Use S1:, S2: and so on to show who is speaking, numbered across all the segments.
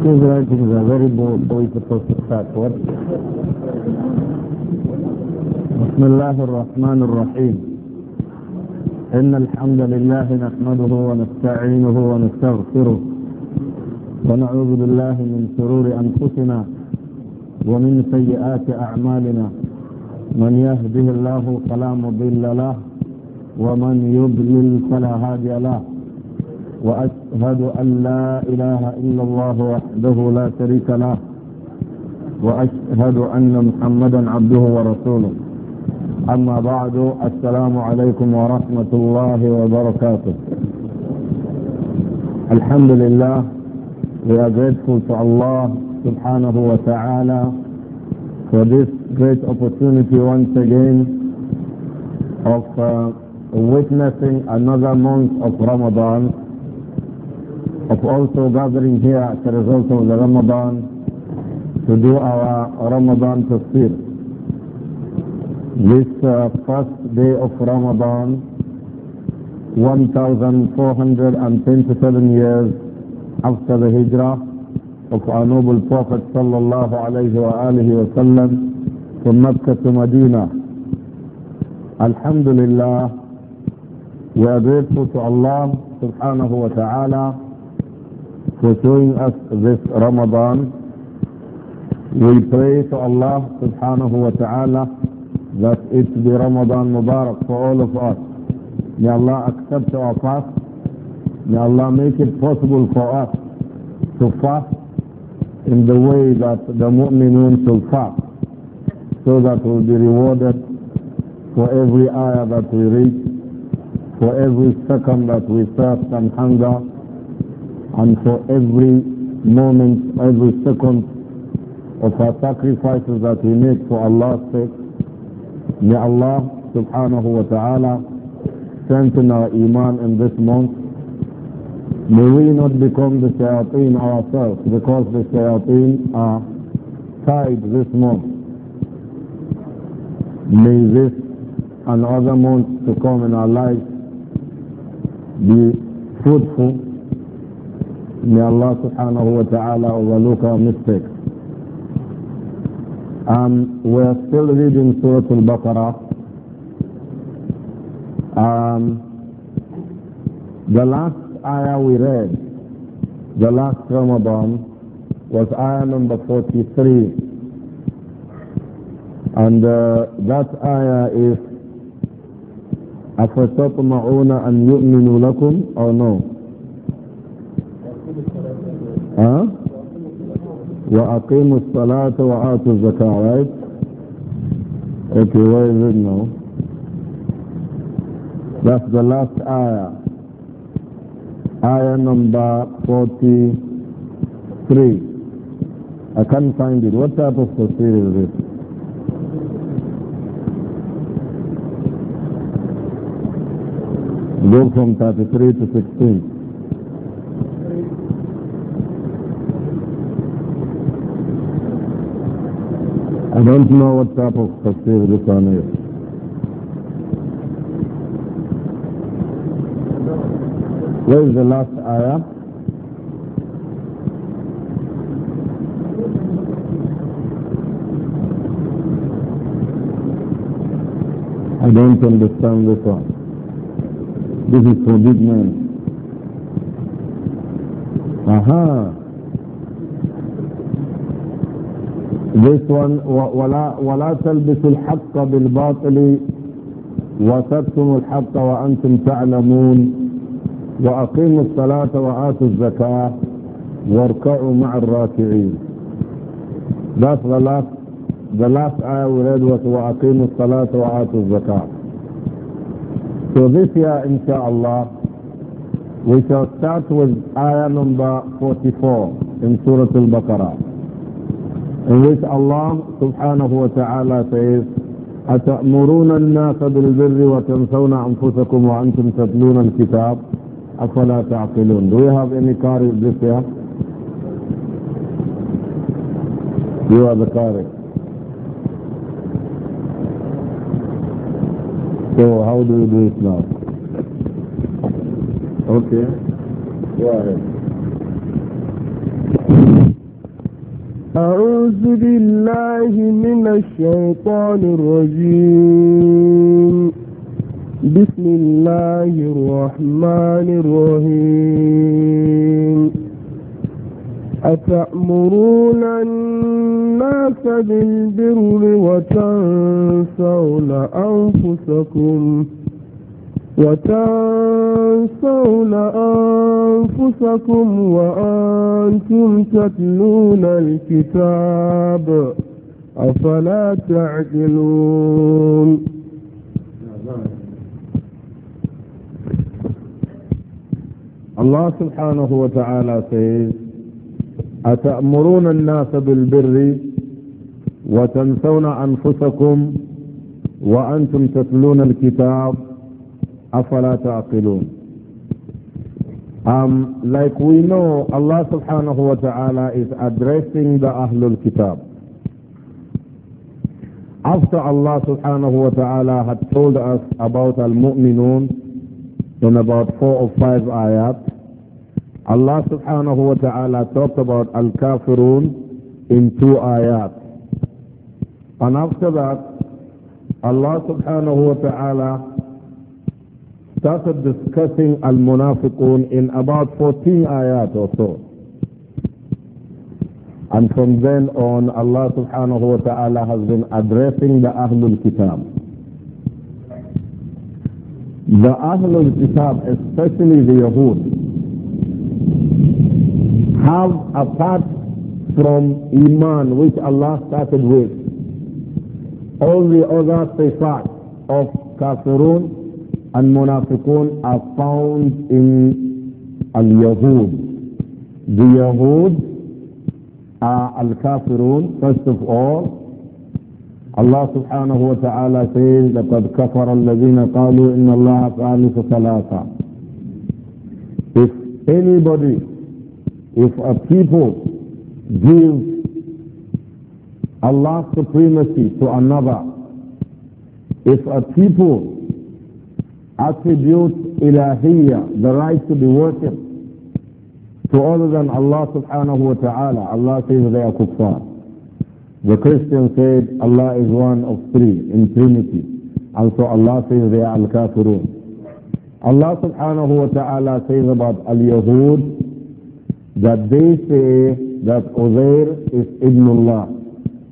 S1: These writings are very beautiful fact. What? بسم الله الرحمن الرحيم إن الحمد لله نحمده ونستعينه ونستغفره ونعوذ بالله من شرور أنفسنا ومن سيئات أعمالنا من يهده الله فلا مضل له ومن يضلل فلا هادي له وأشهد أن لا إله إلا الله وحده لا شريك له وأشهد أن محمدا عبده ورسوله أما بعد السلام عليكم ورحمة الله وبركاته الحمد لله we are grateful to Allah subhanahu wa ta'ala for this great opportunity once again of uh, witnessing another month of Ramadan of also gathering here as a result of the Ramadan to do our Ramadan tafsir. This uh, first day of Ramadan, 1427 years after the Hijrah of our noble Prophet sallallahu alayhi wa alihi wa sallam from Mecca to Medina. Alhamdulillah, we are grateful to Allah subhanahu wa ta'ala for showing us this Ramadan. We pray to Allah subhanahu wa ta'ala that it be Ramadan Mubarak for all of us. May Allah accept our fast. May Allah make it possible for us to fast in the way that the mu'minun should fast so that we'll be rewarded for every ayah that we read, for every second that we thirst and hunger, and for every moment, every second of our sacrifices that we make for Allah's sake. May Allah subhanahu wa ta'ala strengthen our iman in this month. May we not become the shayateen ourselves because the shayateen are tied this month. May this and other months to come in our lives be fruitful May Allah subhanahu wa ta'ala overlook our mistakes. Um, we are still reading Surah Al-Baqarah. Um, the last ayah we read, the last Ramadan, was ayah number 43. And uh, that ayah is أَفَتَطْمَعُونَ أَنْ يُؤْمِنُوا لَكُمْ or no? وأقيموا الصلاة وآتوا الزكاة right okay where is it now that's the last ayah ayah number 43 I can't find it what type of tafsir is this go from 33 to 16 I don't know what type of tafsir this one is. Where is the last ayah? I don't understand this one. This is for big men. Aha. This one, ولا, ولا تلبسوا الحق بالباطل وتكتموا الحق وأنتم تعلمون وأقيموا الصلاة وآتوا الزكاة واركعوا مع الراكعين. That's the last, the last ayah we read was وأقيموا الصلاة وآتوا الزكاة. So this year, inshallah, we shall start with ayah number 44 in Surah Al-Baqarah. in which Allah subhanahu wa ta'ala says, أتأمرون الناس بالبر وتنسون أنفسكم وأنتم تتلون الكتاب أفلا تعقلون Do you have any in this year? You are the Qari So how do we do it now? Okay. Go ahead.
S2: أعوذ بالله من الشيطان الرجيم بسم الله الرحمن الرحيم أتأمرون الناس بالبر وتنسون أنفسكم ۖ وتنسون أنفسكم وأنتم تتلون الكتاب أفلا
S1: تعقلون الله سبحانه وتعالى says أتأمرون الناس بالبر وتنسون أنفسكم وأنتم تتلون الكتاب أفلا تعقلون Um, like we know, Allah subhanahu wa ta'ala is addressing the Ahlul Kitab. After Allah subhanahu wa ta'ala had told us about Al-Mu'minun in about four or five ayat, Allah subhanahu wa ta'ala talked about Al-Kafirun in two ayat. And after that, Allah subhanahu wa ta'ala started discussing al-munafiqun in about 14 ayat or so. And from then on, Allah subhanahu wa ta'ala has been addressing the Ahlul Kitab. The Ahlul Kitab, especially the Yahud, have apart from Iman, which Allah started with, all the other sifat of kafirun and munafiqun are found in al-Yahud. The Yahud are al-Kafirun, first of all. Allah subhanahu wa ta'ala says, لَقَدْ كَفَرَ الَّذِينَ قَالُوا إِنَّ اللَّهَ ثَالِثُ ثَلَاثًا If anybody, if a people gives Allah's supremacy to another, if a people attribute ilahiyya, the right to be worshipped to other than Allah subhanahu wa ta'ala. Allah says they are kuffar. The Christian said Allah is one of three in Trinity. And so Allah says they are al-kafirun. Allah subhanahu wa ta'ala says about al-Yahud that they say that Uzair is Ibnullah.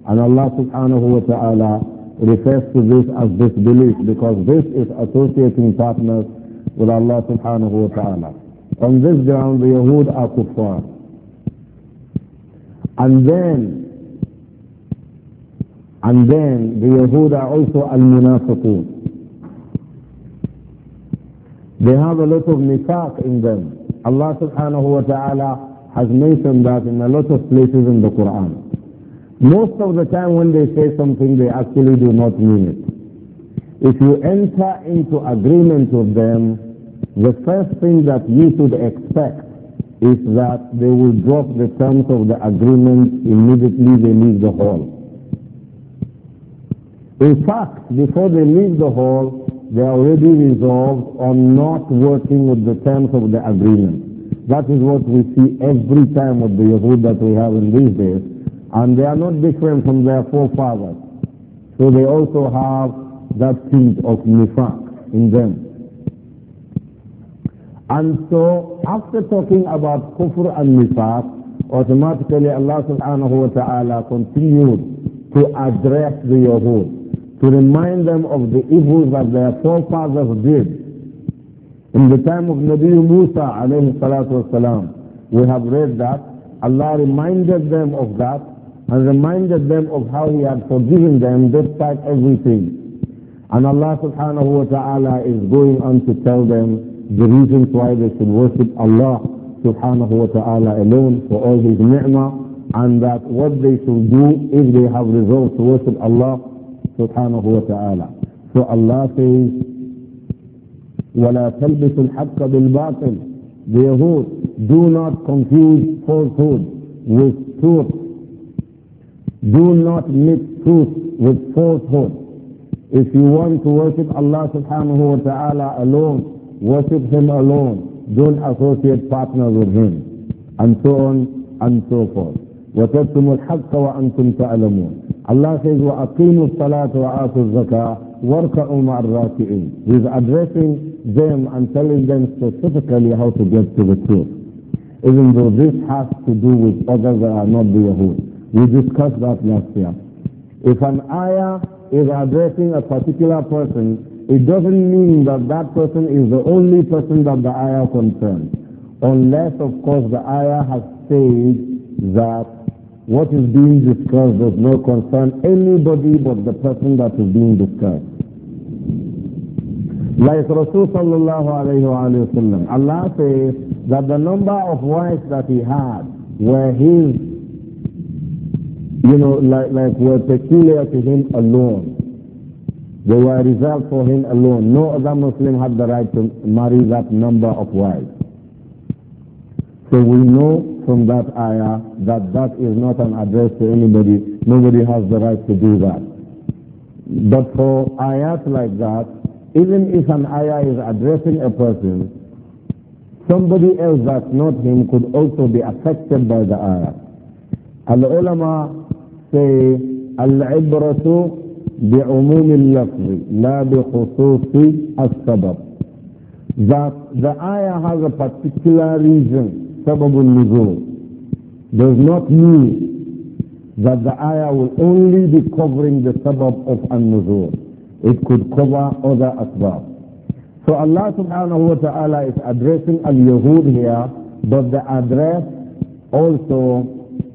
S1: And Allah subhanahu wa ta'ala refers to this as disbelief because this is associating partners with Allah subhanahu wa ta'ala. On this ground, the Yahud are kuffar. And then, and then the Yahud are also al-munafiqun. They have a lot of nifaq in them. Allah subhanahu wa ta'ala has mentioned that in a lot of places in the Quran. Most of the time when they say something, they actually do not
S3: mean it.
S1: If you enter into agreement with them, the first thing that you should expect is that they will drop the terms of the agreement immediately they leave the hall. In fact, before they leave the hall, they are already resolved on not working with the terms of the agreement. That is what we see every time with the Yahud that we have in these days and they are not different from their forefathers. So they also have that seed of nifaq in them. And so, after talking about kufr and nifaq, automatically Allah subhanahu wa ta'ala continued to address the Yahud, to remind them of the evils that their forefathers did. In the time of Nabi Musa alayhi salatu wasalam, we have read that Allah reminded them of that and reminded them of how he had forgiven them despite everything. And Allah subhanahu wa ta'ala is going on to tell them the reasons why they should worship Allah subhanahu wa ta'ala alone for all his ni'mah and that what they should do if they have resolved to worship Allah subhanahu wa ta'ala. So Allah says, وَلَا تَلْبِسُ الْحَقَّ بِالْبَاطِلِ The Yahud, do not confuse falsehood with truth. Do not mix truth with falsehood. If you want to worship Allah subhanahu wa ta'ala alone, worship Him alone. Don't associate partners with Him. And so on and so forth. وتكتموا الحق وأنتم تعلمون Allah says وأقيموا الصلاة وآتوا الزكاة واركعوا مع الراكعين He's addressing them and telling them specifically how to get to the truth even though this has to do with others that are not the Yahudi. We discussed that last year. If an ayah is addressing a particular person, it doesn't mean that that person is the only person that the ayah concerns. Unless, of course, the ayah has said that what is being discussed does not concern anybody but the person that is being discussed. Like Rasul sallallahu alayhi wa Allah says that the number of wives that he had were his you know, like, like were peculiar to him alone. They were reserved for him alone. No other Muslim had the right to marry that number of wives. So we know from that ayah that that is not an address to anybody. Nobody has the right to do that. But for ayahs like that, even if an ayah is addressing a person, somebody else that's not him could also be affected by the ayah. And the ulama say العبرة la bi لا بخصوص sabab that the ayah has a particular reason al-nuzul. does not mean that the ayah will only be covering the sabab of al nuzul it could cover other asbab so Allah subhanahu wa ta'ala is addressing al-yahud here but the address also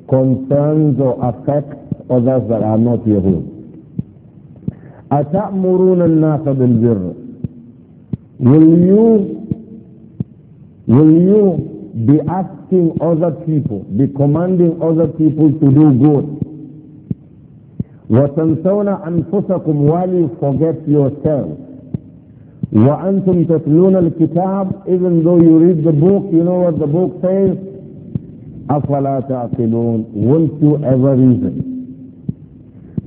S1: concerns or affects others that are not Yahud. أَتَأْمُرُونَ النَّاسَ بِالْبِرِّ Will you, will you be asking other people, be commanding other people to do good? وَتَنْسَوْنَ أَنفُسَكُمْ While you forget yourself. وأنتم تتلون الكتاب even though you read the book you know what the book says أفلا تعقلون won't you ever reason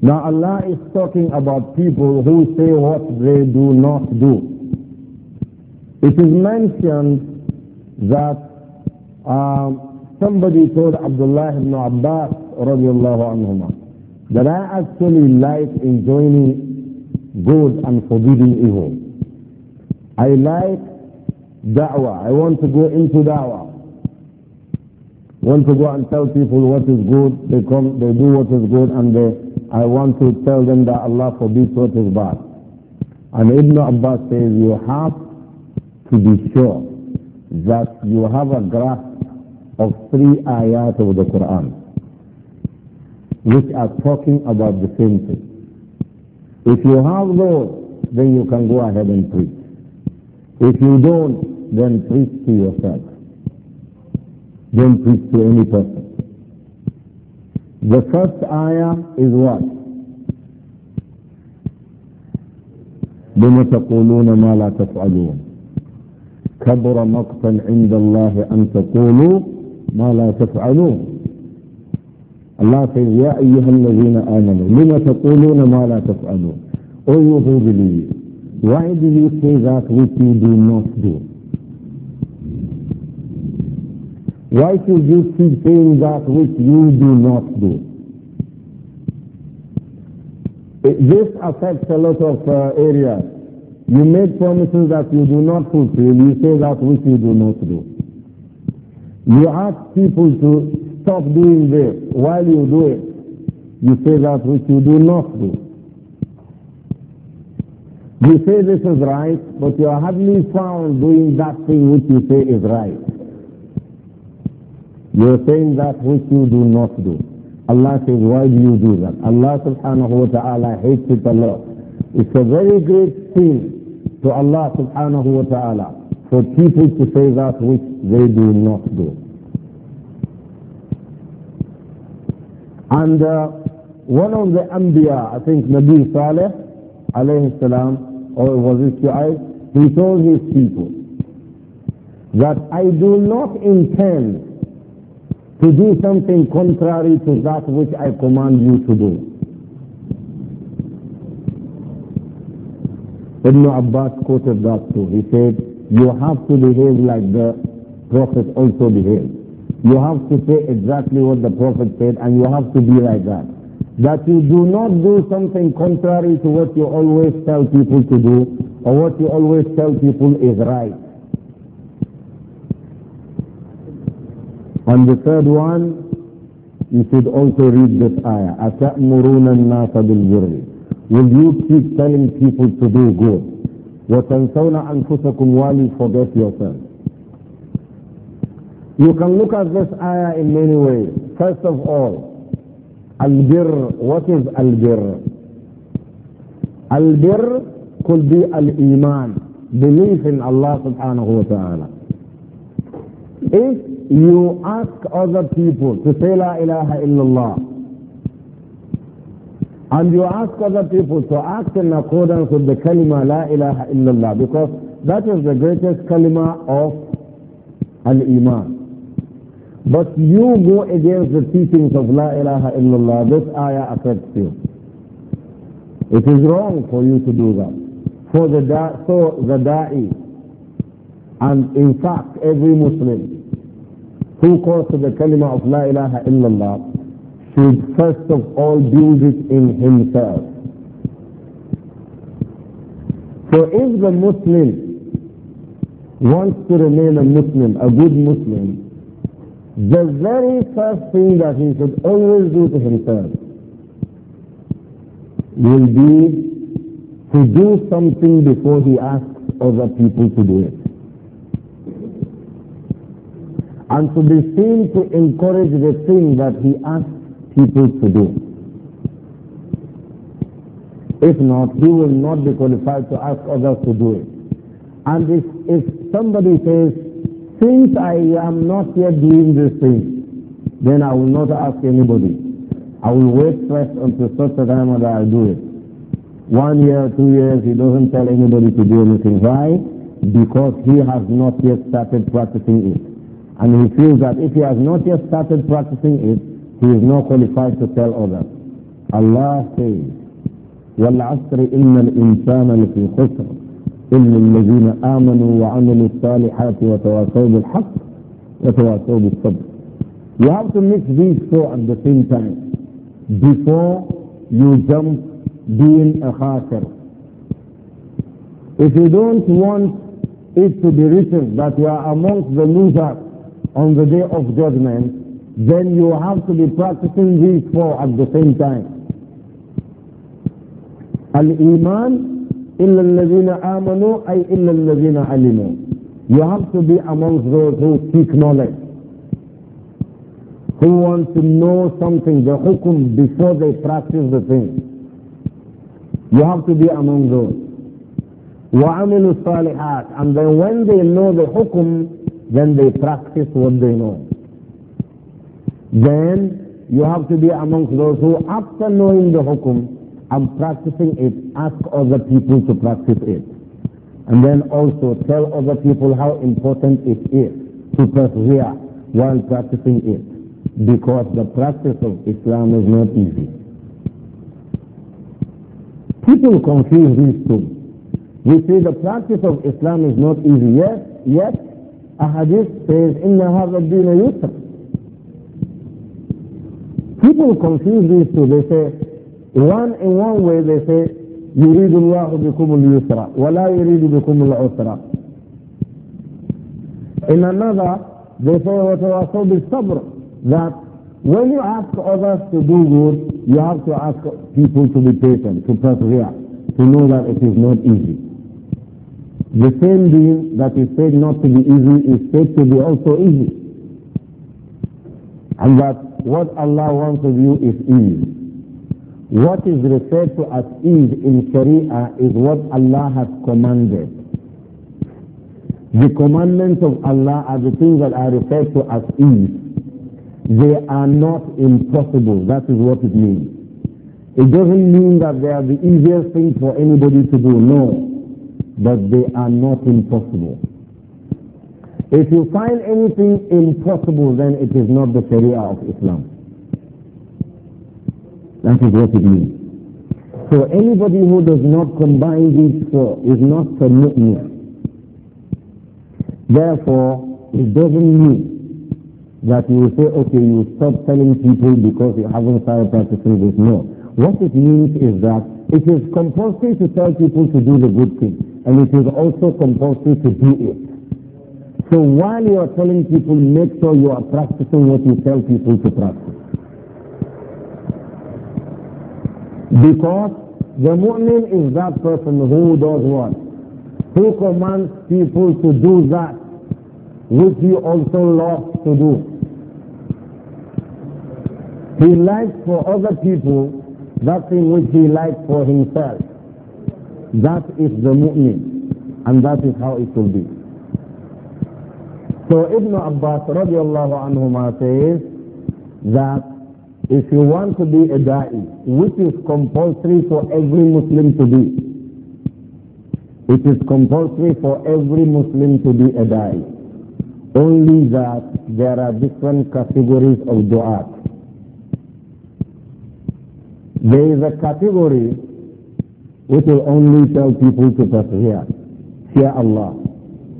S1: now Allah is talking about people who say what they do not do. It is mentioned that um, somebody told Abdullah ibn Abbas radiallahu anhuma that I actually like enjoining good and forbidding evil. I like da'wah. I want to go into da'wah. Want to go and tell people what is good. They come, they do what is good and they I want to tell them that Allah forbids what is bad. And Ibn Abbas says you have to be sure that you have a grasp of three ayat of the Quran which are talking about the same thing. If you have those, then you can go ahead and preach. If you don't, then preach to yourself. Don't preach to any person. The first ayah is what? لم تقولون ما لا تفعلون كبر مقتا عند الله أن تقولوا ما لا تفعلون الله says يا أيها الذين آمنوا لم تقولون ما لا تفعلون Oh you who believe why do you say that which you do not do Why should you keep doing that which you do not do? Eh, this affects a lot of uh, areas. You make promises that you do not fulfill, you say that which you do not do. You ask people to stop doing this while you do it, you say that which you do not do. You say this is right, but you are hardly found doing that thing which you say is right. You're saying that which you do not do. Allah says, why do you do that? Allah subhanahu wa ta'ala hates it a lot. It's a very great sin to Allah subhanahu wa ta'ala for people to say that which they do not do. And uh, one of the Anbiya, I think Nabi Saleh, alayhi salam, or was it Shu'aib, he told his people that I do not intend to do something contrary to that which I command you to do. Ibn Abbas quoted that too. He said, you have to behave like the Prophet also behaved. You have to say exactly what the Prophet said and you have to be like that. That you do not do something contrary to what you always tell people to do or what you always tell people is right. On the third one, you should also read this ayah. أَتَأْمُرُونَ النَّاسَ بِالْبِرِّ Will you keep telling people to do good? وَتَنْسَوْنَ أَنفُسَكُمْ while you forget yourself. You can look at this ayah in many ways. First of all, al-birr. What is al-birr? Al-birr could be al-iman, belief in Allah subhanahu wa ta'ala. If you ask other people to say La ilaha illallah. And you ask other people to act in accordance with the kalima La ilaha illallah because that is the greatest kalima of Al-Iman. But you go against the teachings of La ilaha illallah. This ayah affects you. It is wrong for you to do that. For the da- so the da'i, and in fact every Muslim who calls to the kalima of La ilaha illallah should first of all build it in himself. So if the Muslim wants to remain a Muslim, a good Muslim, the very first thing that he should always do to himself will be to do something before he asks other people to do it and to be seen to encourage the thing that he asks people to do. If not, he will not be qualified to ask others to do it. And if, if somebody says, since I am not yet doing this thing, then I will not ask anybody. I will wait first until such a time that I do it. One year, two years, he doesn't tell anybody to do anything. Why? Because he has not yet started practicing it. And he feels that if he has not yet started practicing it, he is not qualified to tell others. Allah says, إن الإنسان إلا الذين آمنوا وعملوا الصالحات You have to mix these four at the same time before you jump being a khasir. If you don't want it to be written that you are amongst the losers, on the day of judgment, then you have to be practicing these four at the same time. Al-Iman, illa الَّذِينَ آمَنُوا ay illa الَّذِينَ عَلِمُوا You have to be amongst those who seek knowledge, who want to know something, the hukum, before they practice the thing. You have to be among those. وَعَمِلُوا الصَّالِحَاتِ And then when they know the hukum, then they practice what they know. Then you have to be amongst those who, after knowing the hukum and practicing it, ask other people to practice it. And then also tell other people how important it is to persevere while practicing it. Because the practice of Islam is not easy. People confuse these two. You see, the practice of Islam is not easy. Yes, yes, a hadith says, Inna hadha deen People confuse these two. They say, one in one way they say, يريد الله بكم اليسر ولا يريد بكم العسر. In another, they say وتواصوا بالصبر that when you ask others to do good, you have to ask people to be patient, to persevere, to know that it is not easy. The same deen that is said not to be easy is said to be also easy. And that what Allah wants of you is ease. What is referred to as ease in Sharia is what Allah has commanded. The commandments of Allah are the things that are referred to as ease. They are not impossible. That is what it means. It doesn't mean that they are the easiest thing for anybody to do. No but they are not impossible. If you find anything impossible, then it is not the Sharia of Islam.
S3: That is what it means.
S1: So anybody who does not combine these four is not a mu'min. Therefore, it doesn't mean that you say, okay, you stop telling people because you haven't started practicing this. No. What it means is that it is compulsory to tell people to do the good thing and it is also compulsory to do it. So while you are telling people, make sure you are practicing what you tell people to practice. Because the mu'min is that person who does what? Who commands people to do that which he also loves to do. He likes for other people that thing which he likes for himself. That is the mu'min. And that is how it will be. So Ibn Abbas radiallahu anhuma says that if you want to be a da'i, which is compulsory for every Muslim to be, it is compulsory for every Muslim to be a da'i. Only that there are different categories of du'at. There is a category it will only tell people to persevere. Fear Allah.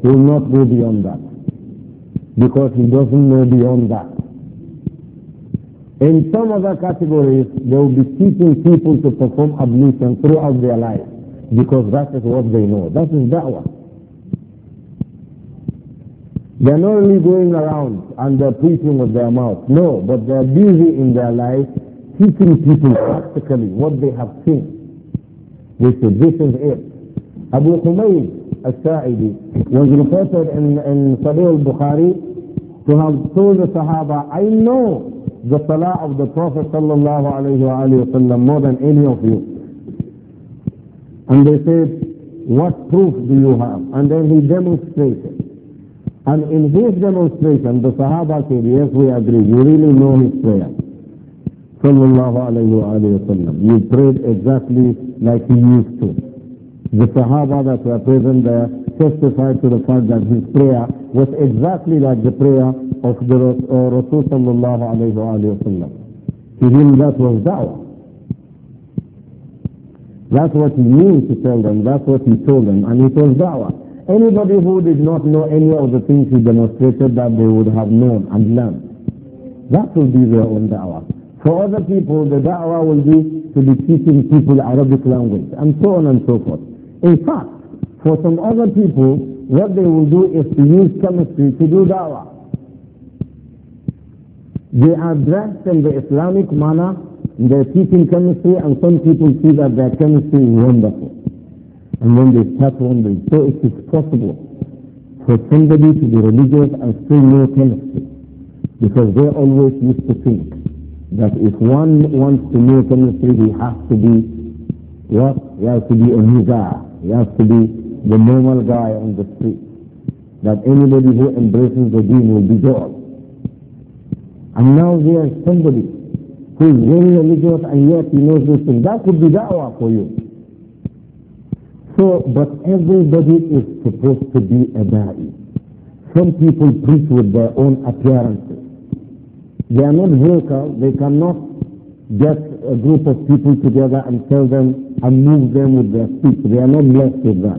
S1: He will not go beyond that. Because he doesn't know beyond that. In some other categories, they will be teaching people to perform ablution throughout their life because that is what they know. That is da'wah. They are not only going around and they're preaching with their mouth. No, but they're busy in their life teaching people practically what they have seen. This is, it. Abu Humayd al-Sa'idi was reported in, in Sahih al-Bukhari to have told the Sahaba, I know the Salah of the Prophet sallallahu alayhi wa more than any of you. And they said, what proof do you have? And then he demonstrated. And in his demonstration, the Sahaba said, yes, we agree, you really know his prayer sallallahu alayhi wa sallam. You prayed exactly like he used to. The Sahaba that were present there testified to the fact that his prayer was exactly like the prayer of the uh, Rasul sallallahu alayhi wa sallam. To him that was da'wah. That's what he knew to tell them, that's what he told them, and it was da'wah. Anybody who did not know any of the things he demonstrated that they would have known and learned, that will be their own da'wah. For other people, the da'wah will be to be teaching people Arabic language and so on and so forth. In fact, for some other people, what they will do is to use chemistry to do da'wah. They are dressed in the Islamic manner, they're teaching chemistry, and some people see that their chemistry is wonderful. And then they start wondering, so it is possible for somebody to be religious and still know chemistry, because they always used to think that if one wants to know chemistry, he has to be what? He has to be a guy. He has to be the normal guy on the street. That anybody who embraces the deen will be God. And now there is somebody who is very religious and yet he knows this thing. That could be da'wah for you. So, but everybody is supposed to be a da'i. Some people preach with their own appearances. They are not vocal. They cannot get a group of people together and tell them and move them with their speech. They are not blessed with that.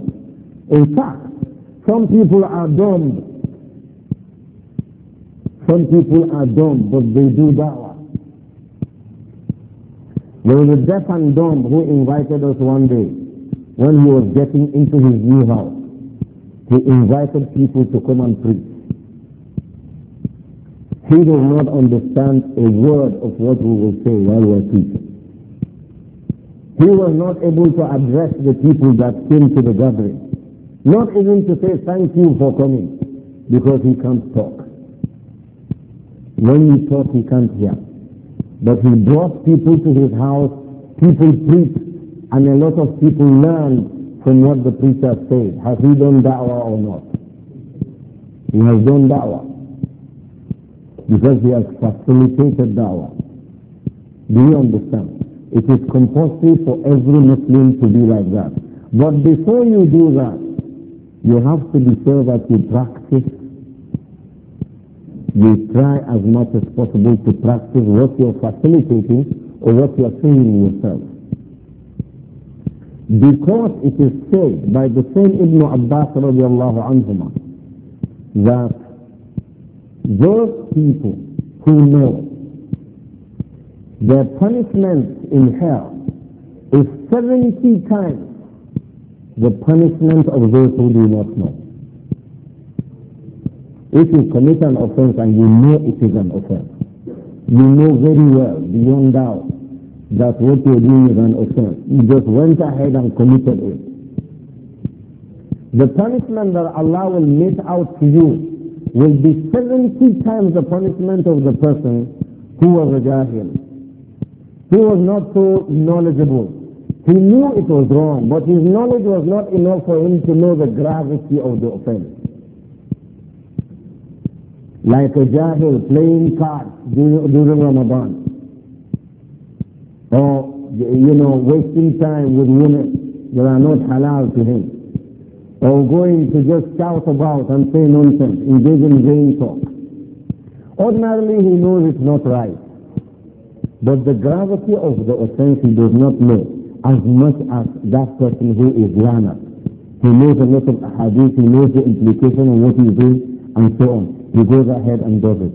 S1: In fact, some people are dumb. Some people are dumb, but they do da'wah. There was a deaf and dumb who invited us one day when he was getting into his new house. He invited people to come and preach. He does not understand a word of what we will say while we're teaching. He was not able to address the people that came to the gathering. Not even to say thank you for coming, because he can't talk. When he talks, he can't hear. But he brought people to his house, people preached, and a lot of people learned from what the preacher said. Has he done da'wah or not? He has done da'wah because he has facilitated da'wah. Do you understand? It is compulsory for every Muslim to be like that. But before you do that, you have to be sure that you practice. You try as much as possible to practice what you're facilitating or what you're saying yourself. Because it is said by the same Ibn Abbas radiallahu that those people who know their punishment in hell is 70 times the punishment of those who do not know. If you commit an offense and you know it is an offense, you know very well, beyond doubt, that what you're doing is an offense. You just went ahead and committed it. The punishment that Allah will mete out to you will be 70 times the punishment of the person who was a jahil. He was not so knowledgeable. He knew it was wrong, but his knowledge was not enough for him to know the gravity of the offense. Like a jahil playing cards during Ramadan, or, you know, wasting time with women that are not halal to him or going to just shout about and say nonsense, engage in vain talk. Ordinarily, he knows it's not right. But the gravity of the offense he does not know as much as that person who is learned. He knows a lot of hadith, he knows the implication of what he doing, and so on. He goes ahead and does it.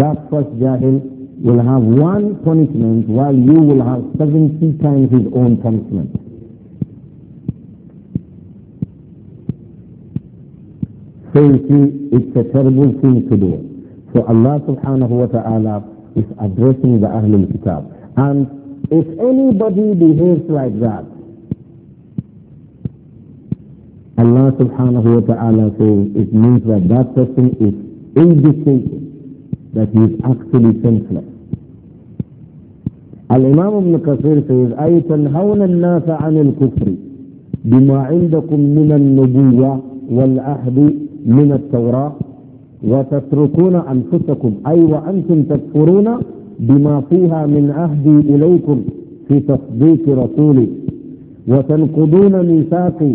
S1: That first jahil will have one punishment while you will have 70 times his own punishment. authority, it's a terrible thing to do. So Allah subhanahu wa ta'ala is addressing the Ahlul Kitab. And if anybody behaves like that, Allah subhanahu wa ta'ala says it means that that person is indicating that he is actually senseless. الإمام ابن كثير says أي تنهون الناس عن الكفر بما عندكم من النبوة والعهد من التوراة وتتركون أنفسكم أي وأنتم تكفرون بما فيها من عهدي إليكم في تصديق رسولي وتنقضون ميثاقي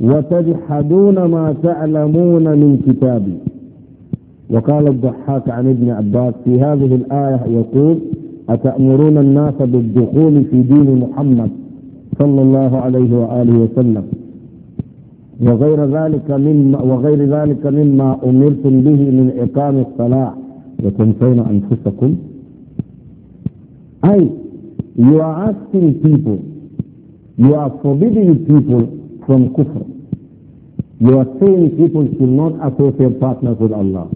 S1: وتجحدون ما تعلمون من كتابي وقال الضحاك عن ابن عباس في هذه الآية يقول أتأمرون الناس بالدخول في دين محمد صلى الله عليه وآله وسلم وغير ذلك مما وغير ذلك مما أمرتم به من إقام الصلاة وتنسون أنفسكم أي you are asking people you are forbidding people from kufr you are saying people should not associate partners with Allah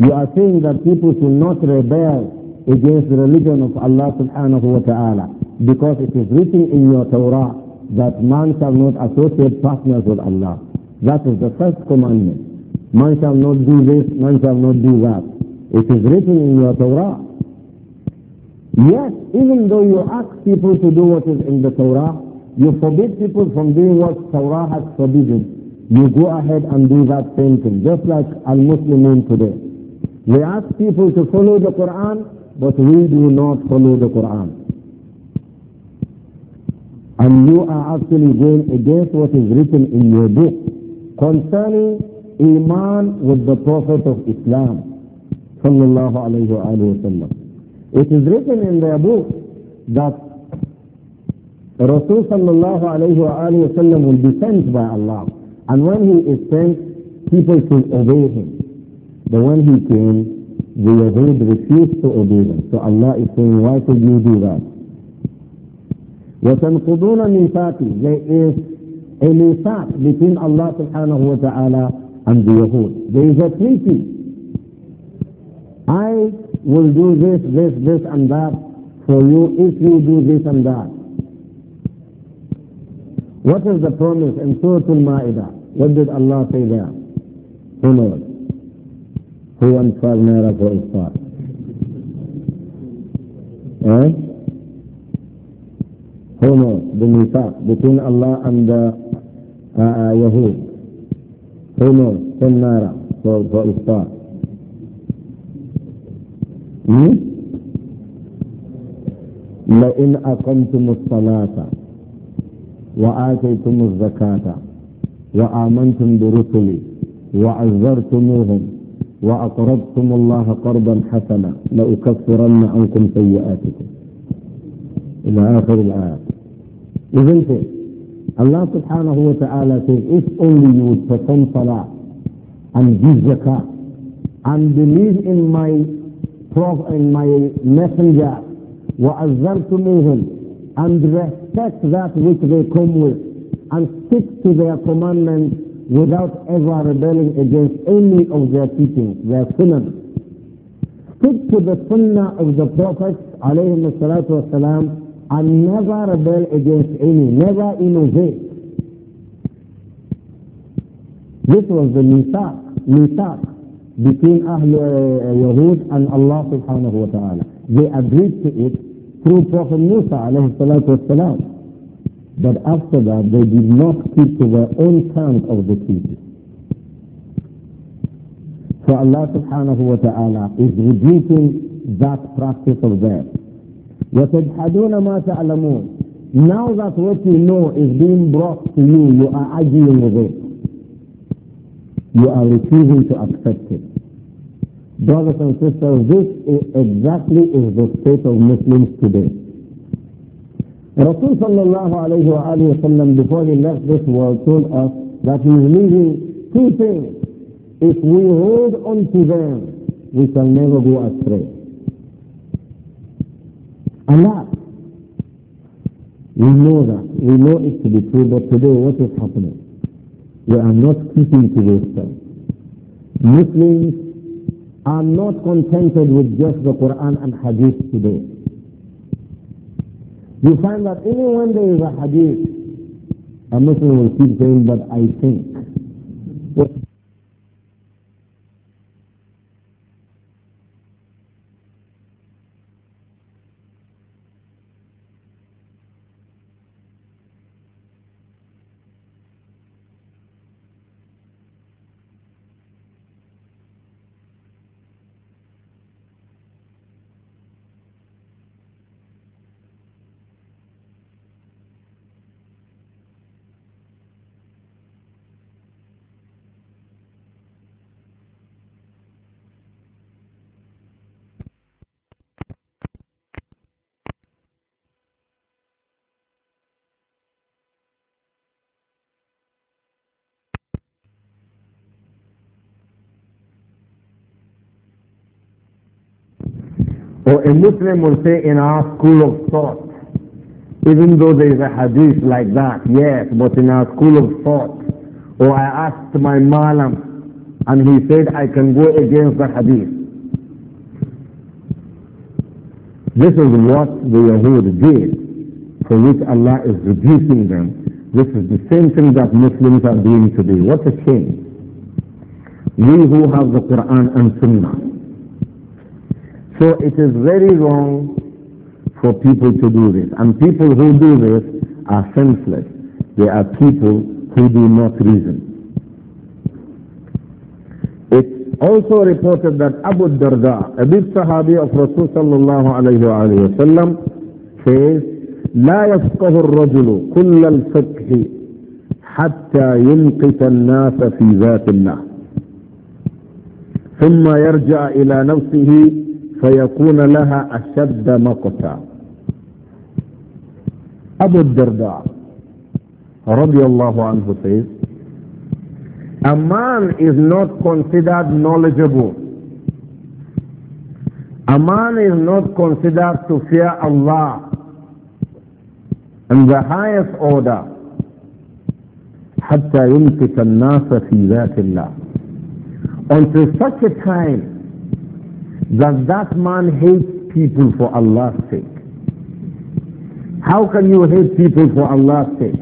S1: you are saying that people should not rebel against the religion of Allah subhanahu wa ta'ala because it is written in your Torah that man shall not associate partners with Allah. That is the first commandment. Man shall not do this, man shall not do that. It is written in your Torah. Yes, even though you ask people to do what is in the Torah, you forbid people from doing what Torah has forbidden. You go ahead and do that same thing, just like Al-Muslimin today. We ask people to follow the Quran, but we do not follow the Quran. And you are actually going against what is written in your book concerning Iman with the Prophet of Islam. Sallallahu alayhi wa sallam. It is written in their book that Rasul sallallahu alayhi wa sallam will be sent by Allah. And when he is sent, people should obey him. But when he came, the refused to obey them. So Allah is saying, why should you do that? وتنقضون ميثاقي there is a mithaq between Allah subhanahu wa ta'ala and the there is a treaty I will do this this this and that for you if you do this and that what is the promise in Surah Al-Ma'idah what did Allah say there who knows who wants 12 naira for iftar eh هنا بالنفاق between الله عند آه، آه، يهود هنا في النار فإفطار لئن أقمتم الصلاة وآتيتم الزكاة وآمنتم برسلي وعذرتموهم وأقرضتم الله قرضا حسنا لأكفرن عنكم سيئاتكم إلى آخر الآية Isn't it? Allah subhanahu wa ta'ala says, if only you would perform salah and give zakah and believe in my prophet, and my messenger, وَأَذَّرْتُمُوهُمْ and respect that which they come with and stick to their commandments without ever rebelling against any of their teachings, their sunnah. Stick to the sunnah of the Prophet alayhi salatu wasalam, and never rebel against any, never innovate. This was the mithaq, mithaq between Ahlul uh, Yahud and Allah subhanahu wa ta'ala. They agreed to it through Prophet Musa alayhi salatu wasalam. But after that, they did not keep to their own terms of the treaty. So Allah subhanahu wa ta'ala is rebuking that practice of theirs. وَتَجْحَدُونَ مَا تَعْلَمُونَ Now that what you know is being brought to you, you are arguing with it. You are refusing to accept it. Brothers and sisters, this is exactly is the state of Muslims today. Rasul sallallahu alayhi wa sallam, before he left this world, told us that he is leaving two things. If we hold on to them, we shall never go astray. Alas, We know that. We know it to be true, but today what is happening? We are not keeping to those stuff. Muslims are not contented with just the Quran and Hadith today. You find that even when there is a Hadith, a Muslim will keep saying, but I think. Or a Muslim will say in our school of thought, even though there is a hadith like that, yes, but in our school of thought, or I asked my malam, and he said I can go against the hadith. This is what the Yahud did, for which Allah is reducing them. This is the same thing that Muslims are doing today. What a shame. We who have the Quran and Sunnah, so it is very wrong for people to do this. And people who do this are senseless. They are people
S4: who do not reason.
S1: It's also reported that Abu Darda, a big Sahabi of Rasulullah says, لا يفقه الرجل كل الفقه حتى ينقذ الناس في ذات الله ثم يرجع إلى نفسه فيكون لها أشد مقتا أبو الدرداء رضي الله عنه says a man is not considered knowledgeable a man is not considered to fear Allah in the highest order حتى يمسك الناس في ذات الله until such a time that that man hates people for Allah's sake. How can you hate people for Allah's sake?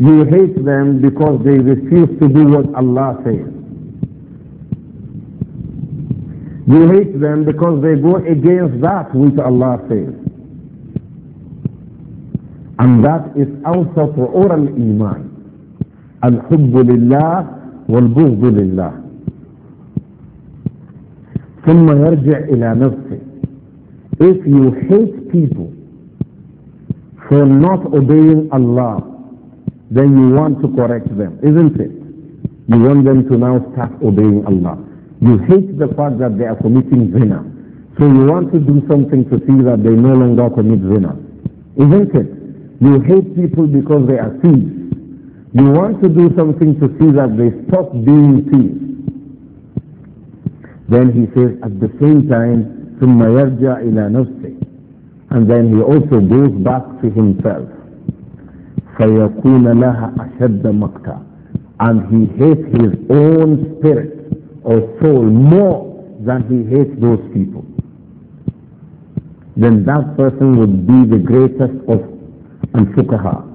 S1: You hate them because they refuse to do what Allah says. You hate them because they go against that which Allah says. And that is also for oral iman. الحب لله والبغض لله ثم يرجع إلى نفسه if you hate people for not obeying Allah then you want to correct them isn't it you want them to now start obeying Allah you hate the fact that they are committing zina so you want to do something to see that they no longer commit zina isn't it you hate people because they are thieves you want to do something to see that they stop being thieves then he says at the same time, ثُمَّ يَرْجَعْ إِلَى نَفْسِهِ And then he also goes back to himself. فَيَكُونَ لَهَا أَشَدَّ مَقْتَعٍ And he hates his own spirit or soul more than he hates those people. Then that person would be the greatest of anfukaha.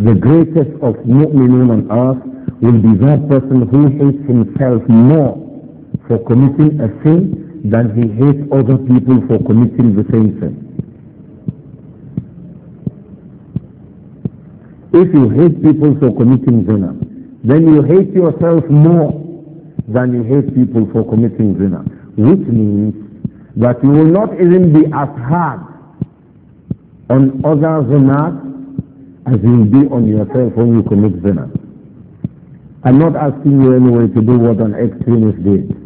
S1: The greatest of mu'minun on earth will be that person who hates himself more for committing a sin than he hates other people for committing the same sin. If you hate people for committing zina, then you hate yourself more than you hate people for committing zina, which means that you will not even be as hard on other zinas as you will be on yourself when you commit zina. I'm not asking you anyway to do what an extremist did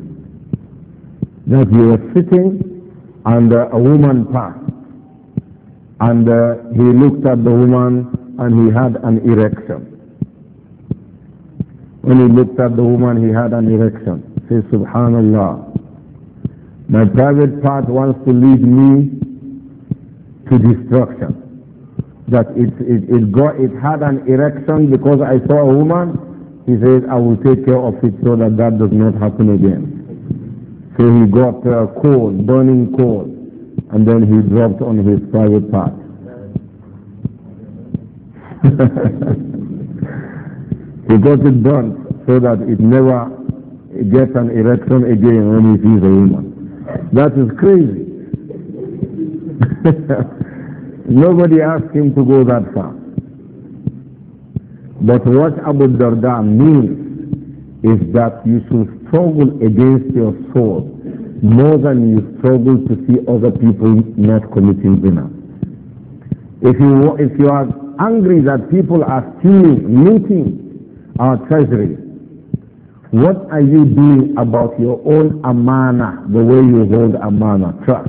S1: that he was sitting and uh, a woman passed. And uh, he looked at the woman and he had an erection. When he looked at the woman, he had an erection. Say, Subhanallah. My private part wants to lead me to destruction. That it, it, it, got, it had an erection because I saw a woman. He says, I will take care of it so that that does not happen again. So he got uh, coal, burning coal, and then he dropped on his private part. he got it burnt so that it never gets an erection again when he sees a woman. That is crazy. Nobody asked him to go that far. But what Abu Darda means is that you should struggle against your soul more than you struggle to see other people not committing zina. If you, if you are angry that people are stealing, looting our treasury, what are you doing about your own amana, the way you hold amana, trust?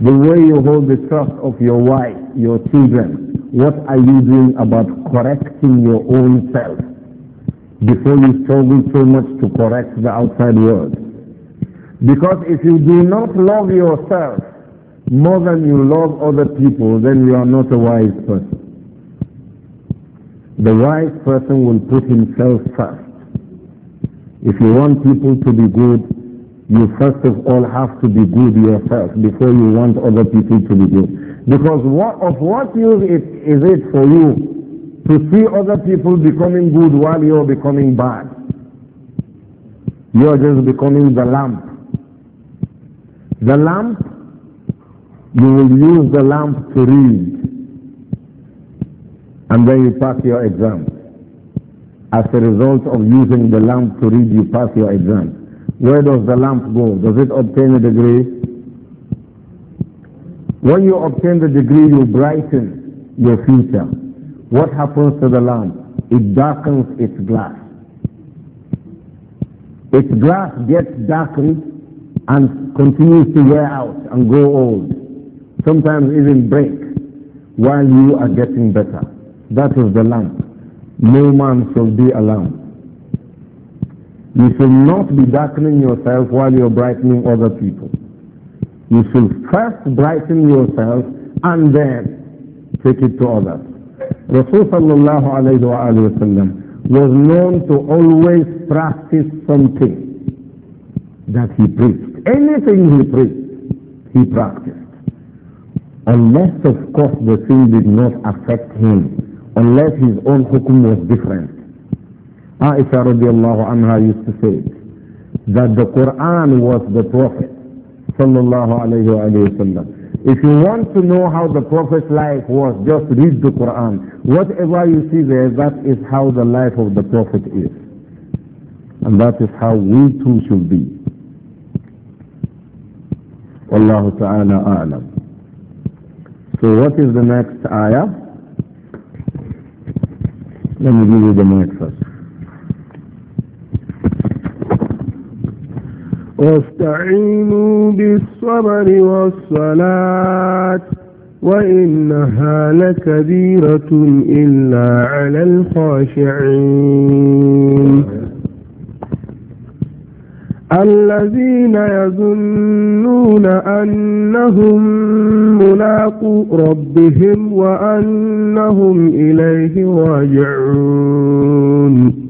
S1: The way you hold the trust of your wife, your children, what are you doing about correcting your own self? before you struggle so much to correct the outside world. Because if you do not love yourself more than you love other people, then you are not a wise person. The wise person will put himself first. If you want people to be good, you first of all have to be good yourself before you want other people to be good. Because what, of what use is it for you to see other people becoming good while you're becoming bad. You're just becoming the lamp. The lamp, you will use the lamp to read. And then you pass your exam. As a result of using the lamp to read, you pass your exam. Where does the lamp go? Does it obtain a degree? When you obtain the degree, you brighten your future. What happens to the lamp? It darkens its glass. Its glass gets darkened and continues to wear out and grow old, sometimes even break, while you are getting better. That is the lamp. No man shall be a lamp. You should not be darkening yourself while you're brightening other people. You should first brighten yourself and then take it to others. Rasul sallallahu alayhi wa sallam was known to always practice something that he preached. Anything he preached, he practiced. Unless, of course, the thing did not affect him. Unless his own hukum was different. Aisha radiallahu anha used to say that the Quran was the Prophet sallallahu alayhi wa sallam if you want to know how the Prophet's life was, just read the Quran. Whatever you see there, that is how the life of the Prophet is. And that is how we too should be. Wallahu ta'ala a'lam. So what is the next ayah? Let me give you the next verse.
S2: واستعينوا بالصبر والصلاة وإنها لكبيرة إلا على الخاشعين الذين يظنون أنهم ملاقو ربهم وأنهم إليه
S4: راجعون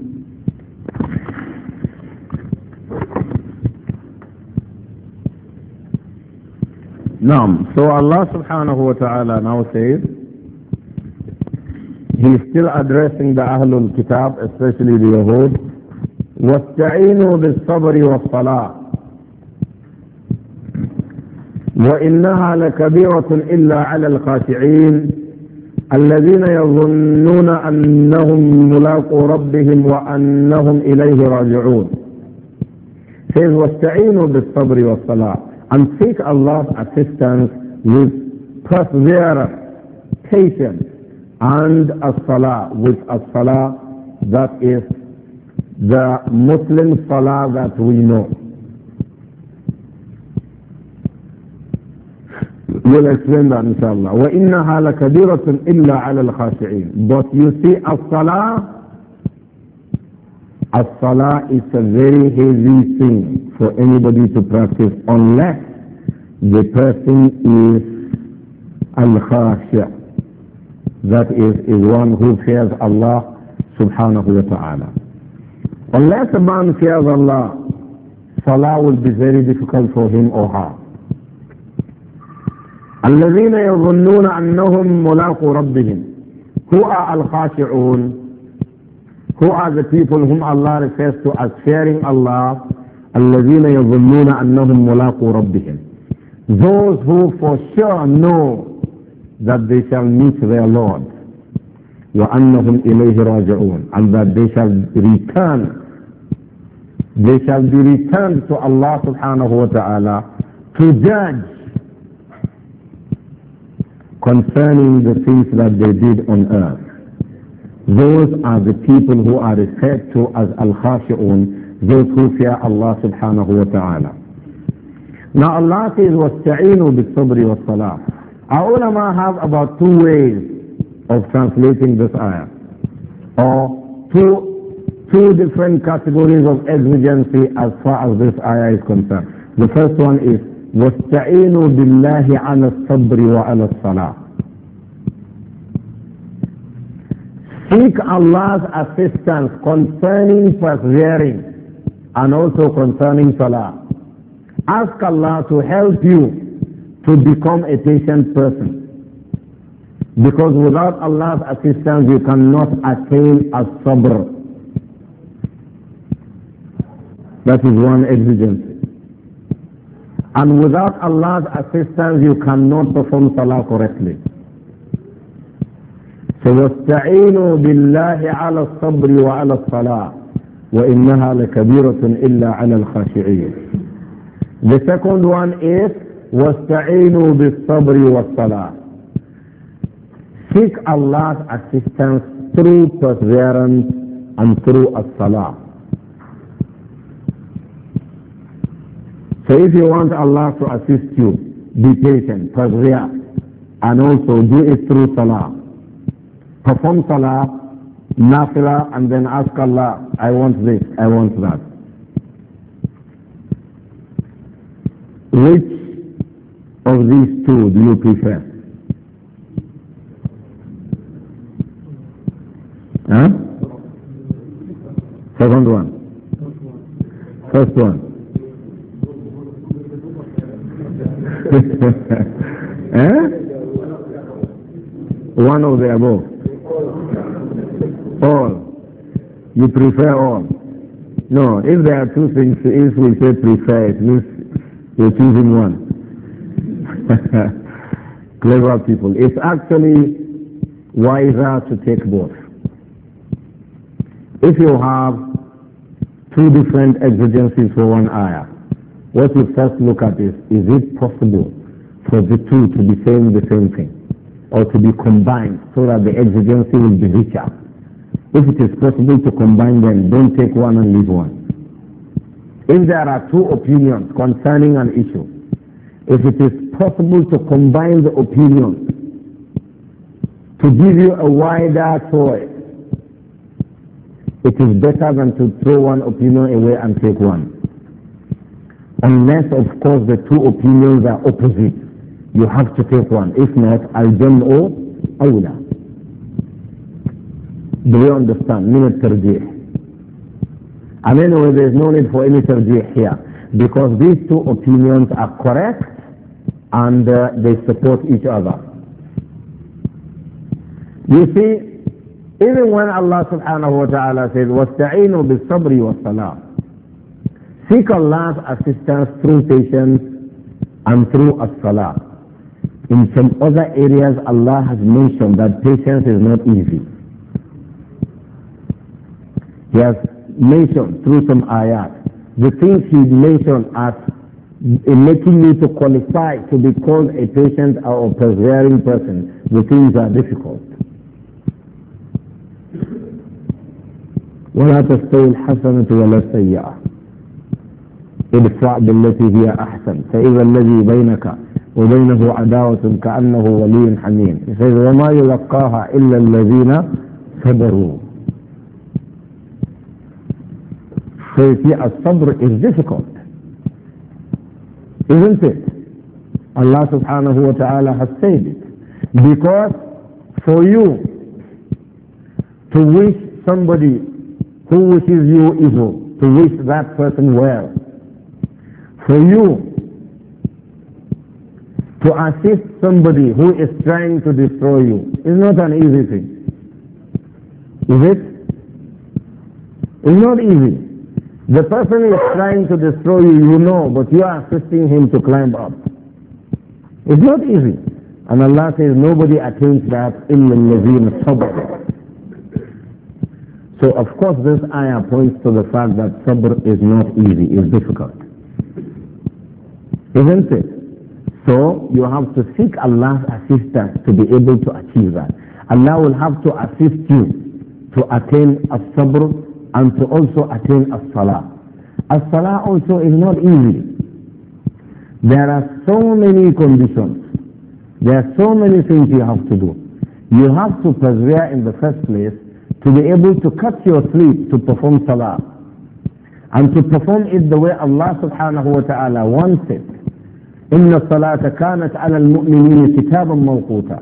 S4: نعم
S1: so Allah subhanahu wa ta'ala now says, He's still addressing the Ahlul Kitab, especially the Yahud, وَاسْتَعِينُوا بِالصَّبْرِ وَالصَّلَاةِ وإنها لكبيرة إلا على الخاشعين الذين يظنون أنهم ملاقوا ربهم وأنهم إليه راجعون says واستعينوا بالصبر والصلاة and seek Allah's assistance with perseverance, patience, and as-salah, with as-salah that is the Muslim salah that we know. We'll explain that inshallah. وَإِنَّهَا لَكَبِيرَةٌ إِلَّا عَلَى الْخَاشِعِينَ But you see, as-salah as-salah is a very heavy thing for anybody to practice unless the person is al-khashya. That is, is one who fears Allah subhanahu wa ta'ala. Unless a man fears Allah, salah will be very difficult for him or her. الذين يظنون أنهم ملاقو ربهم who are al who are the people whom Allah refers to as fearing Allah? الَّذِينَ يَظُنُّونَ أَنَّهُمْ مُلَاقُوا رَبِّهِمْ Those who for sure know that they shall meet their Lord. وَأَنَّهُمْ إِلَيْهِ رَاجِعُونَ And that they shall return. They shall be returned to Allah subhanahu wa ta'ala to judge concerning the things that they did on earth. Those are the people who are referred to as al-khashi'un, those who fear Allah subhanahu wa ta'ala. Now Allah says, وَاسْتَعِينُوا بِالصَّبْرِ وَالصَّلَاةِ Our ulama have about two ways of translating this ayah, or two, two different categories of exigency as far as this ayah is concerned. The first one is, وَاسْتَعِينُوا بِاللَّهِ عَلَى الصَّبْرِ وَعَلَى الصَّلَاةِ seek Allah's assistance concerning persevering and also concerning salah. Ask Allah to help you to become a patient person. Because without Allah's assistance, you cannot attain as sabr. That is one exigency, And without Allah's assistance, you cannot perform salah correctly. فاستعينوا بالله على الصبر وعلى الصلاة وإنها لكبيرة إلا على الخاشعين The second one is واستعينوا بالصبر والصلاة Seek Allah's assistance through perseverance and through الصلاة So if you want Allah to assist you, be patient, persevere, and also do it through salah. Perform salah, nafila, and then ask Allah, I want this, I want that. Which of these two do you prefer? Huh? Second one. First one. eh? One of the above all. You prefer all. No, if there are two things, if we say prefer, it means you're choosing one. Clever people. It's actually wiser to take both. If you have two different exigencies for one ayah, what you first look at is, is it possible for the two to be saying the same thing or to be combined so that the exigency will be richer? If it is possible to combine them, don't take one and leave one. If there are two opinions concerning an issue, if it is possible to combine the opinions to give you a wider choice, it is better than to throw one opinion away and take one. Unless, of course, the two opinions are opposite. You have to take one. If not, al-jam'u awla. Do we understand? Min tarjih. And anyway, there is no need for any tarjih here because these two opinions are correct and uh, they support each other. You see, even when Allah subhanahu wa ta'ala says, وَاسْتَعِينُوا بِالصَّبْرِ وَالصَّلَاةِ Seek Allah's assistance through patience and through as-salah. In some other areas, Allah has mentioned that patience is not easy. He has mentioned through some ayat the things he mentioned as making you to qualify to be called a patient or a persevering person. The things are difficult. ولا تستوي الحسنة ولا السيئة ادفع بالتي هي أحسن فإذا الذي بينك وبينه عداوة كأنه ولي حميم وما يلقاها إلا الذين صبروا So you see, as-sabr is difficult. Isn't it? Allah subhanahu wa ta'ala has said it. Because for you to wish somebody who wishes you evil, to wish that person well, for you to assist somebody who is trying to destroy you is not an easy thing. Is it? It's not easy. The person is trying to destroy you, you know, but you are assisting him to climb up. It's not easy. And Allah says nobody attains that in the sabr. So of course this ayah points to the fact that sabr is not easy, it's difficult. Isn't it? So you have to seek Allah's assistance to be able to achieve that. Allah will have to assist you to attain a sabr and to also attain as-salah. As-salah also is not easy. There are so many conditions. There are so many things you have to do. You have to persevere in the first place to be able to cut your sleep to perform salah and to perform it the way Allah subhanahu wa ta'ala wants it. إن الصلاة كانت على المؤمنين كتابا موقوتا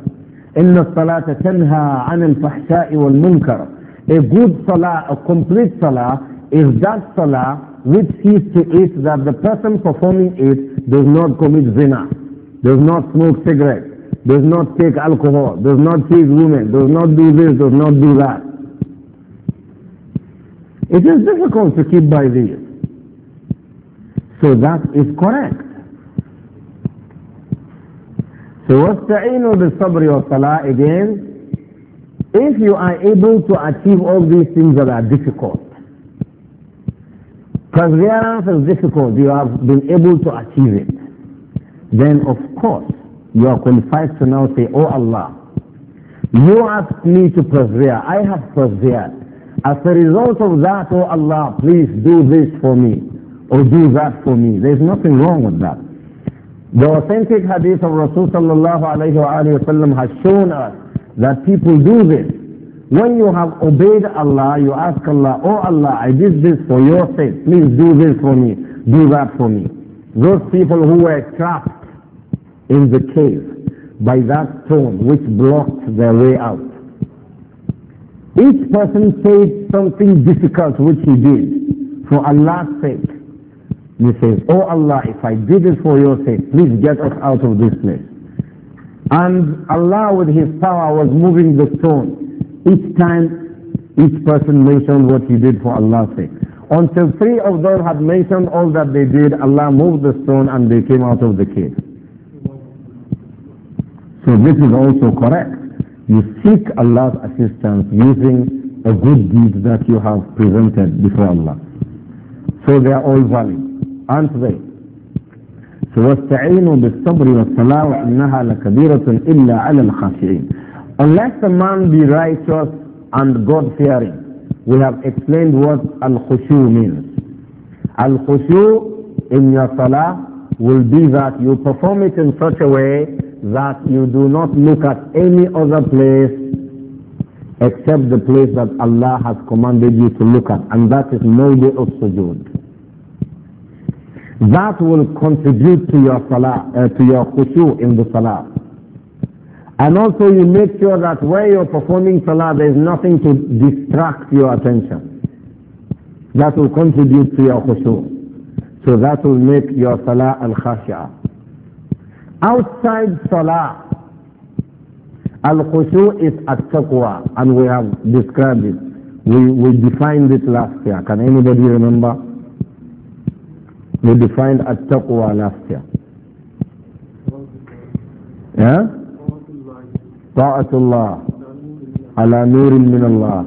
S1: إن الصلاة تنهى عن الفحشاء والمنكر a good salah, a complete salah, is that salah which sees to it that the person performing it does not commit zina, does not smoke cigarettes, does not take alcohol, does not cheat women, does not do this, does not do that. It is difficult to keep by these. So that is correct. So of the sabri of salah again if you are able to achieve all these things that are difficult, perseverance is difficult, you have been able to achieve it, then of course you are qualified to now say, Oh Allah, you asked me to persevere, I have persevered. As a result of that, oh Allah, please do this for me or do that for me. There's nothing wrong with that. The authentic hadith of Rasulullah has shown us that people do this. When you have obeyed Allah, you ask Allah, Oh Allah, I did this for your sake. Please do this for me. Do that for me. Those people who were trapped in the cave by that stone which blocked their way out. Each person said something difficult which he did for Allah's sake. He says, Oh Allah, if I did this for your sake, please get us out of this place. And Allah with His power was moving the stone. Each time, each person mentioned what he did for Allah's sake. Until three of them had mentioned all that they did, Allah moved the stone and they came out of the cave. So this is also correct. You seek Allah's assistance using a good deed that you have presented before Allah. So they are all valid, aren't they? So واستعينوا بالصبر والصلاة وإنها لكبيرة إلا على الخاشعين. Unless a man be righteous and God-fearing, we have explained what al-khushu means. Al-khushu in your salah will be that you perform it in such a way that you do not look at any other place except the place that Allah has commanded you to look at, and that is mawdi' of sujood. That will contribute to your salah, uh, to your khushu in the salah. And also you make sure that where you're performing salah, there's nothing to distract your attention. That will contribute to your khushu. So that will make your salah al-khashi'ah. Outside salah, Al-Khushu is at-taqwa, and we have described it. We, we defined it last year. Can anybody remember? We defined at taqwa last year. Yeah? Ta'atullah. Ala nurin min Allah.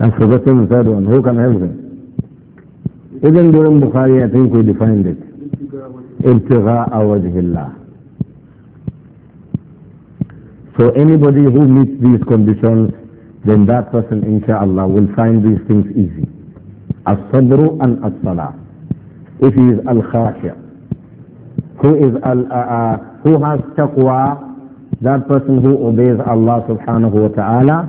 S1: I'm forgetting the third one. Who can help me? Even during Bukhari, I think we defined it. Ibtigha'a wajhillah. So anybody who meets these conditions, then that person, inshallah, will find these things easy. As-sabru and as-salah. If he is al-khashi' who is al, uh, uh, who has taqwa, that person who obeys Allah subhanahu wa ta'ala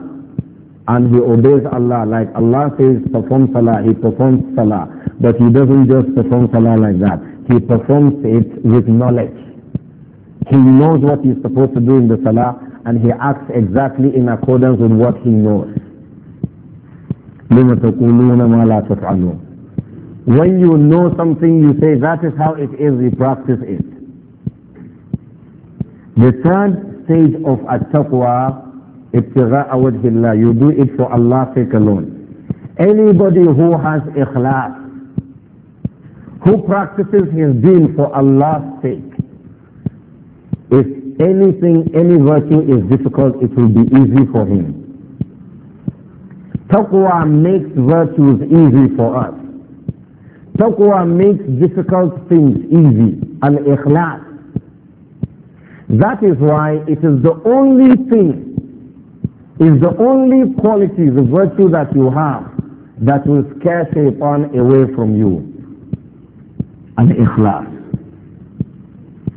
S1: and he obeys Allah like Allah says perform salah, he performs salah. But he doesn't just perform salah like that. He performs it with knowledge. He knows what he's supposed to do in the salah and he acts exactly in accordance with what he knows. تَقُولُونَ مَا لَا تَفْعَلُونَ When you know something, you say, that is how it is, You practice it. The third stage of at-taqwa, ابتغاء وجه الله, you do it for Allah's sake alone. Anybody who has ikhlas, who practices his deen for Allah's sake, if anything, any virtue is difficult, it will be easy for him. Taqwa makes virtues easy for us. Taqwa makes difficult things easy. Al-ikhlas. That is why it is the only thing, is the only quality, the virtue that you have that will scare shaitan away from you. Al-ikhlas.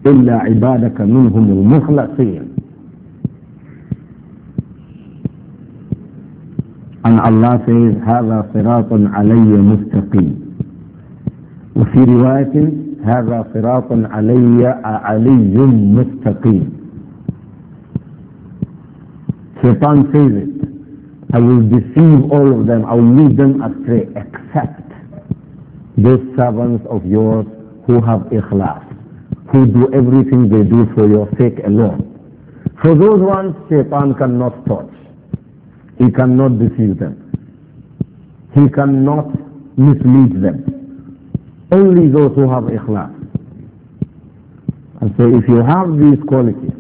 S1: إلا عبادك منهم المخلصين And Allah says, هذا صراط علي مستقيم. وفي رواية هذا صراط علي علي مستقيم. Shaitan says it. I will deceive all of them. I will lead them astray except those servants of yours who have ikhlas, who do everything they do for your sake alone. For those ones, Shaitan cannot touch. He cannot deceive them. He cannot mislead them. Only those who have ikhlas. And so if you have these qualities,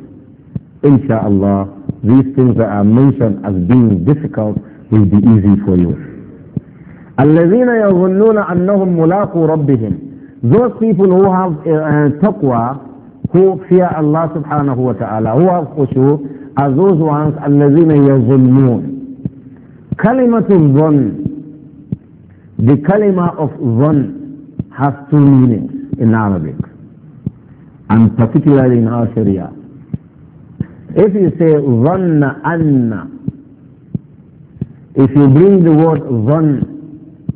S1: insha'Allah, these things that are mentioned as being difficult will be easy for you. الذين يظنون أنهم ملاقو ربهم those people who have uh, taqwa who fear Allah subhanahu wa ta'ala who have khushu are those ones الذين يظنون Kalimatul Zon, the kalima of Zon has two meanings in Arabic, and particularly in our Sharia. If you say Zanna Anna, if you bring the word Zan,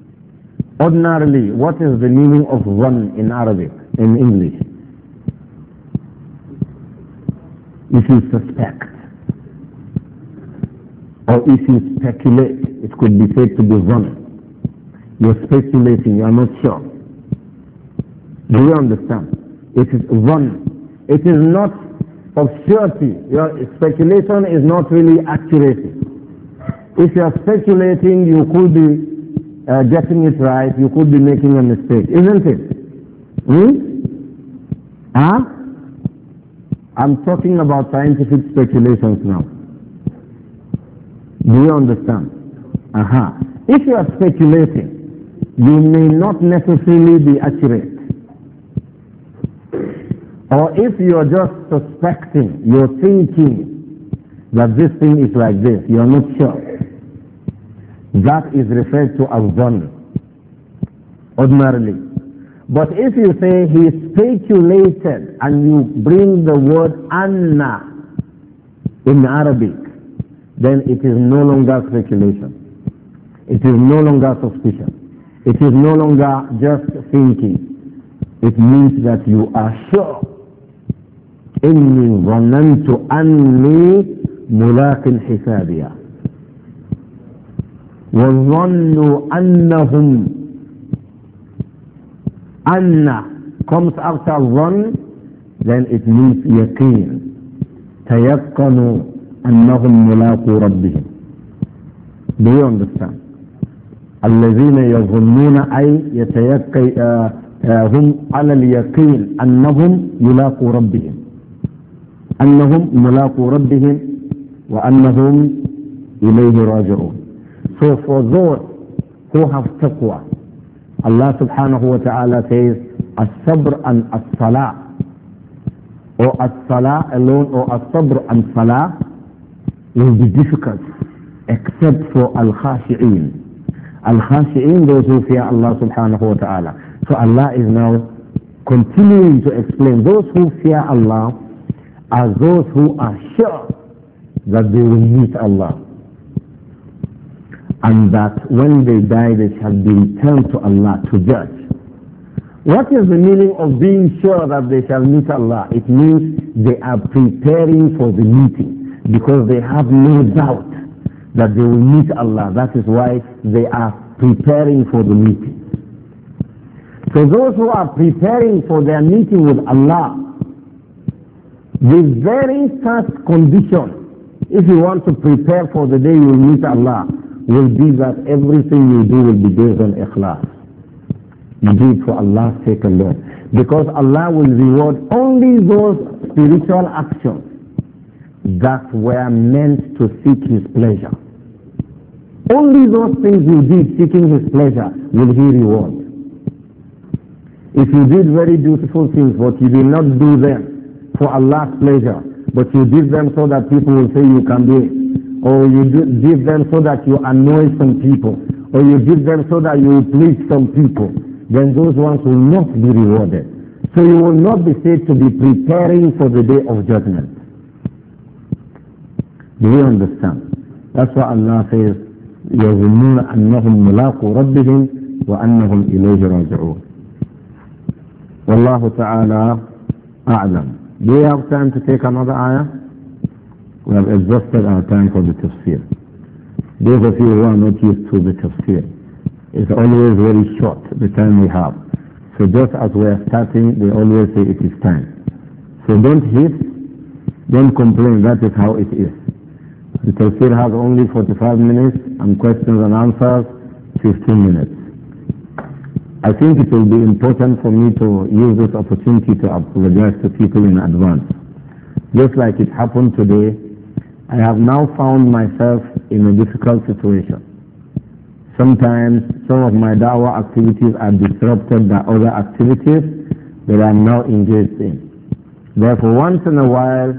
S1: ordinarily, what is the meaning of Zan in Arabic, in English? if You suspect. Or if you speculate, it could be said to be wrong. You're speculating, you're not sure. Do you understand? It is wrong. It is not of surety. Your speculation is not really accurate. If you are speculating, you could be uh, getting it right, you could be making a mistake, isn't it? Hmm? Huh? I'm talking about scientific speculations now. Do you understand? Aha. Uh-huh. If you are speculating, you may not necessarily be accurate. Or if you are just suspecting, you're thinking that this thing is like this, you're not sure. That is referred to as dhann, ordinarily. But if you say he speculated and you bring the word anna in Arabic, then it is no longer speculation. It is no longer suspicion. It is no longer just thinking. It means that you are sure. إني ظننت أني ملاق حسابيا وظنوا أنهم أن comes after ظن then it means يقين تيقنوا أنهم ملاقو ربهم Do you understand? الذين يظنون أي يتيقي آه، آه، هم على اليقين أنهم يلاقوا ربهم أنهم ملاقوا ربهم وأنهم إليه راجعون So for those who have taqwa Allah سبحانه وتعالى says الصبر عن الصلاة or الصلاة alone or الصبر عن الصلاة will be difficult except for al-khashi'in. Al-khashi'in, those who fear Allah subhanahu wa ta'ala. So Allah is now continuing to explain those who fear Allah are those who are sure that they will meet Allah. And that when they die, they shall be returned to Allah to judge. What is the meaning of being sure that they shall meet Allah? It means they are preparing for the meeting because they have no doubt that they will meet Allah. That is why they are preparing for the meeting. So those who are preparing for their meeting with Allah, the very first condition, if you want to prepare for the day you will meet Allah, will be that everything you do will be based on ikhlas. You do it for Allah's sake alone. Because Allah will reward only those spiritual actions that were meant to seek his pleasure. Only those things you did seeking his pleasure will he reward. If you did very beautiful things but you did not do them for Allah's pleasure, but you did them so that people will say you can do it, or you did them so that you annoy some people, or you did them so that you please some people, then those ones will not be rewarded. So you will not be said to be preparing for the day of judgment. Do you understand? That's why Allah says, يظنون أنهم ملاقوا ربهم وأنهم إليه راجعون والله تعالى أعلم Do you have time to take another ayah? We have exhausted our time for the tafsir. Those of you who are not used to the tafsir, it's always very short, the time we have. So just as we are starting, they always say it is time. So don't hit, don't complain, that is how it is. The tafsir has only 45 minutes and questions and answers 15 minutes. I think it will be important for me to use this opportunity to apologize to people in advance. Just like it happened today, I have now found myself in a difficult situation. Sometimes some of my dawah activities are disrupted by other activities that I'm now engaged in. Therefore, once in a while,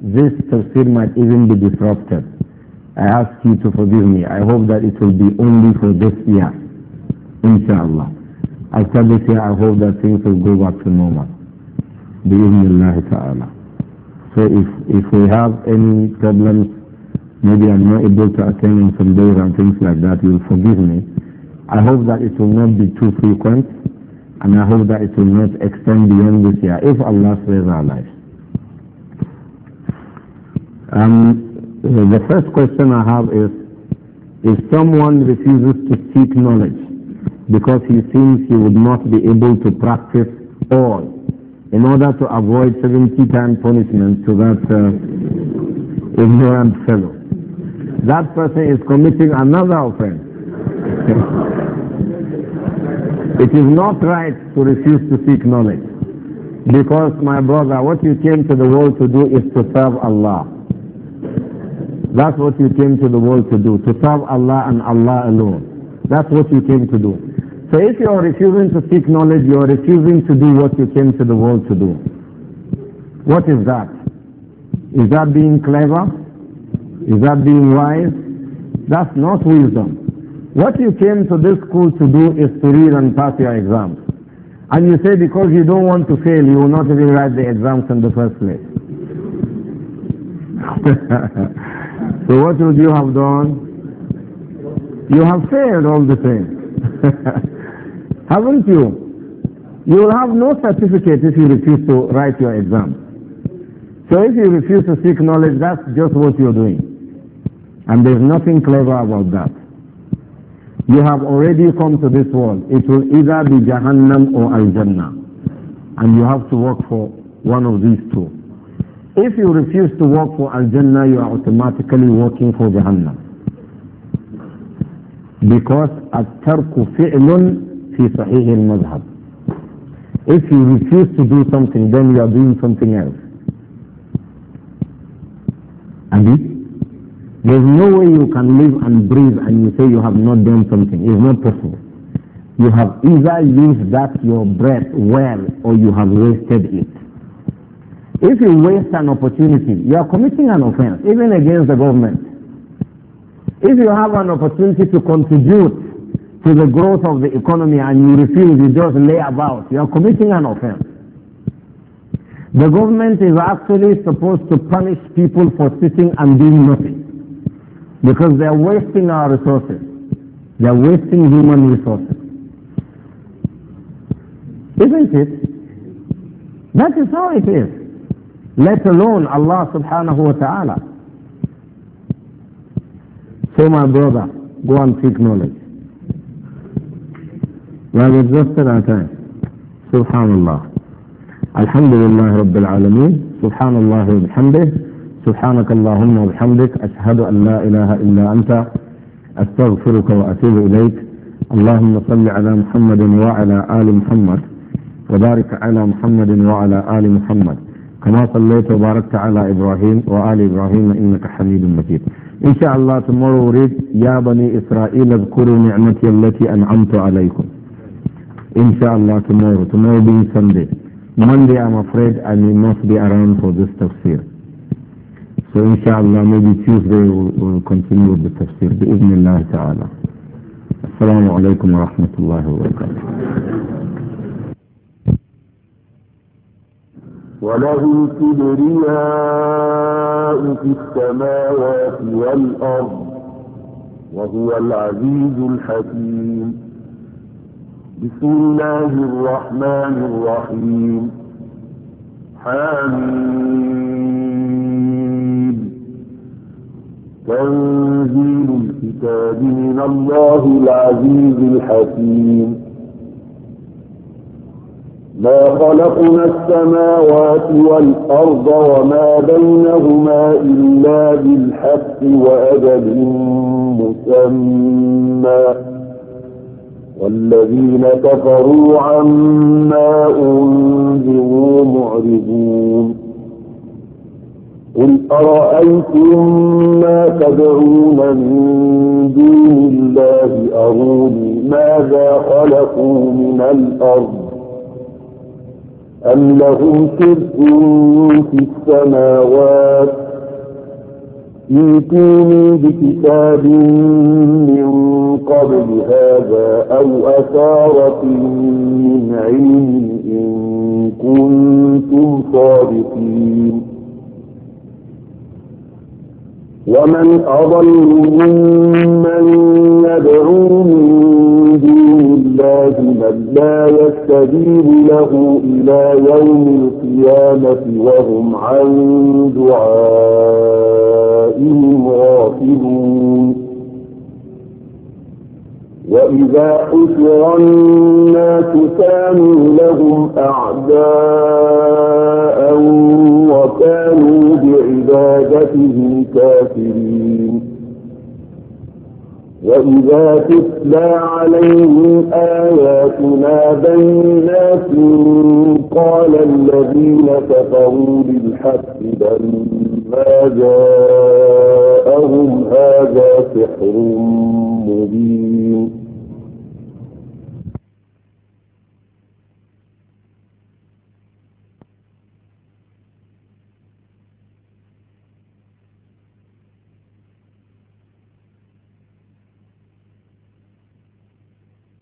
S1: this tafsir might even be disrupted. I ask you to forgive me. I hope that it will be only for this year, inshallah. After this year, I hope that things will go back to normal. Bismillah ta'ala. So if, if we have any problems, maybe I'm not able to attend on some days and things like that, you'll forgive me. I hope that it will not be too frequent, and I hope that it will not extend beyond this year, if Allah saves our lives. Um, uh, the first question I have is, if someone refuses to seek knowledge because he thinks he would not be able to practice all, in order to avoid 70 time punishment to that
S3: uh,
S1: ignorant fellow, that person is committing another offense. it is not right to refuse to seek knowledge. Because, my brother, what you came to the world to do is to serve Allah. That's what you came to the world to do, to serve Allah and Allah alone. That's what you came to do. So if you are refusing to seek knowledge, you are refusing to do what you came to the world to do. What is that? Is that being clever? Is that being wise? That's not wisdom. What you came to this school to do is to read and pass your exams. And you say because you don't want to fail, you will not even write the exams in the first place. So what would you have done? You have failed all the things, Haven't you? You will have no certificate if you refuse to write your exam. So if you refuse to seek knowledge, that's just what you're doing. And there's nothing clever about that. You have already come to this world. It will either be Jahannam or Al-Jannah. And you have to work for one of these two. If you refuse to work for Al-Jannah, you are automatically working for Jahannam. Because الترك fi sahih al المذهب. If you refuse to do something, then you are doing something else. Abi? There's no way you can live and breathe and you say you have not done something. It's not possible. You have either used that your breath well or you have wasted it. If you waste an opportunity, you are committing an offense, even against the government. If you have an opportunity to contribute to the growth of the economy and you refuse, you just lay about, you are committing an offense. The government is actually supposed to punish people for sitting and doing nothing because they are wasting our resources. They are wasting human resources. Isn't it? That is how it is. let alone Allah subhanahu wa ta'ala. So my brother, go and seek knowledge. We have exhausted our time. Subhanallah. Alhamdulillah Rabbil Alameen. Subhanallah wa bihamdih. سبحانك اللهم وبحمدك أشهد أن لا إله إلا أنت أستغفرك وأتوب إليك اللهم صل على محمد وعلى آل محمد وبارك على محمد وعلى آل محمد كما صليت وباركت على إبراهيم وآل إبراهيم إنك حميد مجيد إن شاء الله tomorrow read يا بني إسرائيل اذكروا نعمتي التي أنعمت عليكم إن شاء الله tomorrow tomorrow being سندي Monday I'm afraid I may not be around for this tafsir so إن شاء الله maybe Tuesday we'll, we'll continue with the tafsir بإذن الله تعالى السلام عليكم ورحمة الله
S4: وبركاته وله الكبرياء في السماوات والأرض وهو العزيز الحكيم بسم الله الرحمن الرحيم حميد تنزيل الكتاب من الله العزيز الحكيم ما خلقنا السماوات والأرض وما بينهما إلا بالحق وأجل مسمى والذين كفروا عما أنذروا معرضون قل أرأيتم ما تدعون من دون الله أروني ماذا خلقوا من الأرض أم لهم شرك في السماوات يتوني بكتاب من قبل هذا أو أثارة من علم إن كنتم صادقين ومن أضل ممن يدعو من دون الله من لا يستجيب له إلى يوم القيامة وهم عن دعائهم غافلون وإذا حشر الناس كانوا لهم أعداء وكانوا بهم عبادته كافرين وإذا تتلى عليهم آياتنا بينات قال الذين كفروا للحق لما جاءهم هذا سحر مبين